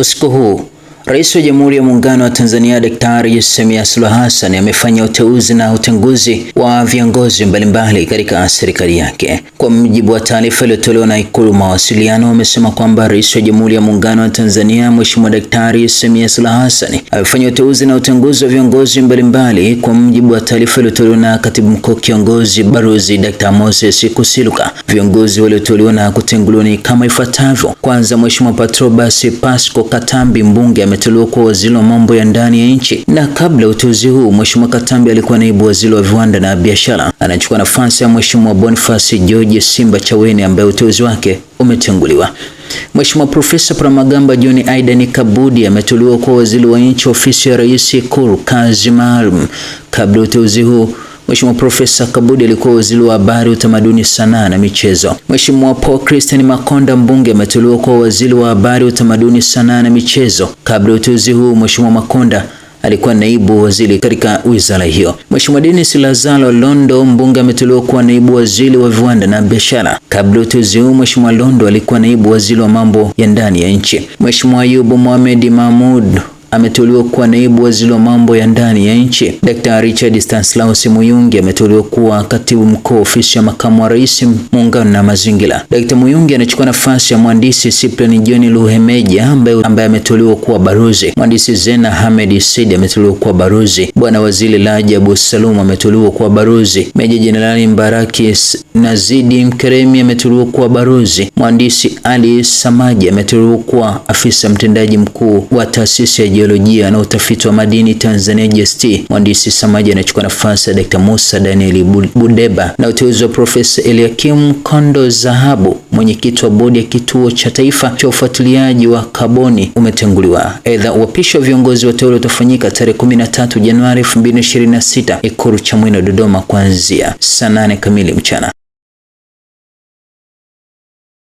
उसको Rais wa Jamhuri ya Muungano wa Tanzania Daktari Samia Suluhu Hassan amefanya uteuzi na utenguzi wa viongozi mbalimbali katika serikali yake. Kwa mujibu wa taarifa iliyotolewa na Ikulu Mawasiliano, wamesema kwamba Rais wa Jamhuri ya Muungano wa Tanzania Mheshimiwa Daktari Samia Suluhu Hassan amefanya uteuzi na utenguzi wa viongozi mbalimbali. Kwa mujibu wa taarifa iliyotolewa na Katibu Mkuu Kiongozi Barozi Daktari Moses Kusiluka, viongozi waliotolewa na kutenguliwa ni kama ifuatavyo. Kwanza, Mheshimiwa Patrobas Pasco Katambi mbunge ame ameteuliwa waziri wa mambo ya ndani ya nchi, na kabla ya uteuzi huu Mheshimiwa Katambi alikuwa naibu waziri wa viwanda na biashara. Anachukua nafasi ya Mheshimiwa Boniface George Simba chaweni ambaye uteuzi wake umetenguliwa. Mheshimiwa Profesa Pramagamba John Aidan Kabudi ameteuliwa kuwa waziri wa nchi ofisi ya Rais, Ikulu, kazi maalum. Kabla ya uteuzi huu Mheshimiwa Profesa Kabudi alikuwa waziri wa habari, utamaduni, sanaa na michezo. Mheshimiwa Paul Christian Makonda mbunge ameteuliwa kuwa waziri wa habari, utamaduni, sanaa na michezo. Kabla ya uteuzi huu, Mheshimiwa Makonda alikuwa naibu waziri katika wizara hiyo. Mheshimiwa Dennis lazalo Londo mbunge ameteuliwa kuwa naibu waziri wa viwanda na biashara. Kabla ya uteuzi huu, Mheshimiwa Londo alikuwa naibu waziri wa mambo ya ndani ya nchi. Mheshimiwa Ayubu Mohamed Mahmud ameteuliwa kuwa naibu waziri wa mambo ya ndani ya nchi. Dr. Richard Stanislaus Muyungi ameteuliwa kuwa katibu mkuu ofisi ya makamu wa rais muungano na mazingira. Dr. Muyungi anachukua nafasi ya mhandisi Cyprian John Luhemeja ambaye ambaye ameteuliwa kuwa baruzi. Mhandisi Zena Hamed Said ameteuliwa kuwa baruzi. Bwana Waziri Rajabu Salum ameteuliwa kuwa baruzi. Meja Jenerali Mbaraki Nazidi Mkeremi ameteuliwa kuwa baruzi. Mhandisi Ali Samaji ameteuliwa kuwa afisa mtendaji mkuu wa taasisi ya jiolojia na utafiti wa madini Tanzania GST, mhandisi Samaji anachukua nafasi ya Dr. Musa Daniel Budeba, na uteuzi wa Profesa Eliakim Kondo Zahabu, mwenyekiti wa bodi ya kituo cha taifa cha ufuatiliaji wa kaboni umetenguliwa. Aidha, uapisho wa viongozi wateule utafanyika tarehe 13 Januari 2026 Ikulu Chamwino, Dodoma, kuanzia saa 8 kamili mchana.